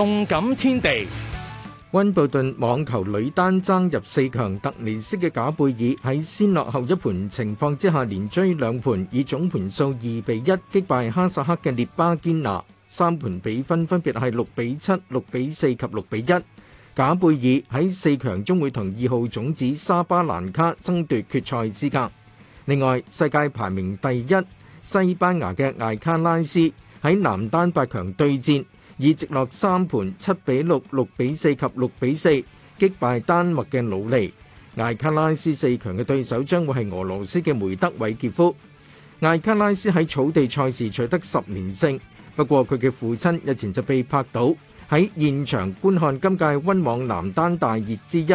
動感天地，溫布頓網球女單爭入四強，突尼斯嘅賈貝爾喺先落後一盤情況之下，連追兩盤，以總盤數二比一擊敗哈薩克嘅列巴堅娜。三盤比分分別係六比七、六比四及六比一。賈貝爾喺四強中會同二號種子莎巴蘭卡爭奪決賽資格。另外，世界排名第一西班牙嘅艾卡拉斯喺男單八強對戰。以直落三盤七比六、六比四及六比四，擊敗丹麥嘅魯尼。艾卡拉斯四強嘅對手將會係俄羅斯嘅梅德韋傑夫。艾卡拉斯喺草地賽事取得十連勝，不過佢嘅父親日前就被拍到喺現場觀看今屆温網男單大熱之一、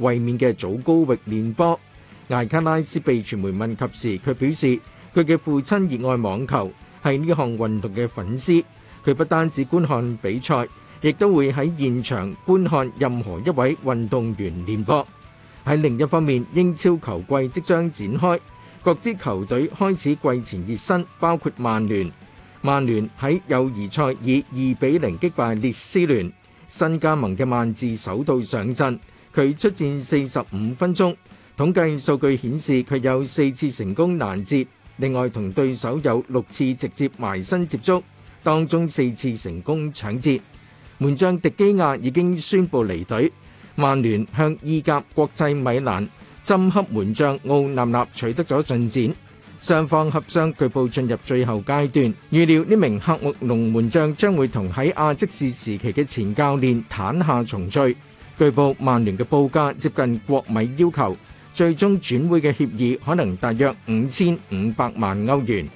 衛冕嘅早高域練波。艾卡拉斯被傳媒問及時，佢表示佢嘅父親熱愛網球，係呢項運動嘅粉絲。佢不單止觀看比賽，亦都會喺現場觀看任何一位運動員練波。喺另一方面，英超球季即將展開，各支球隊開始季前熱身，包括曼聯。曼聯喺友誼賽以二比零擊敗列斯聯。新加盟嘅曼治首度上陣，佢出戰四十五分鐘。統計數據顯示，佢有四次成功攔截，另外同對手有六次直接埋身接觸。當中四次成功搶截，門將迪基亞已經宣布離隊。曼聯向意甲國際米蘭爭恰門將奧納納取得咗進展，雙方合商據報進入最後階段，預料呢名喀麥隆門將將會同喺阿積士時期嘅前教練坦下重聚。據報曼聯嘅報價接近國米要求，最終轉會嘅協議可能大約五千五百萬歐元。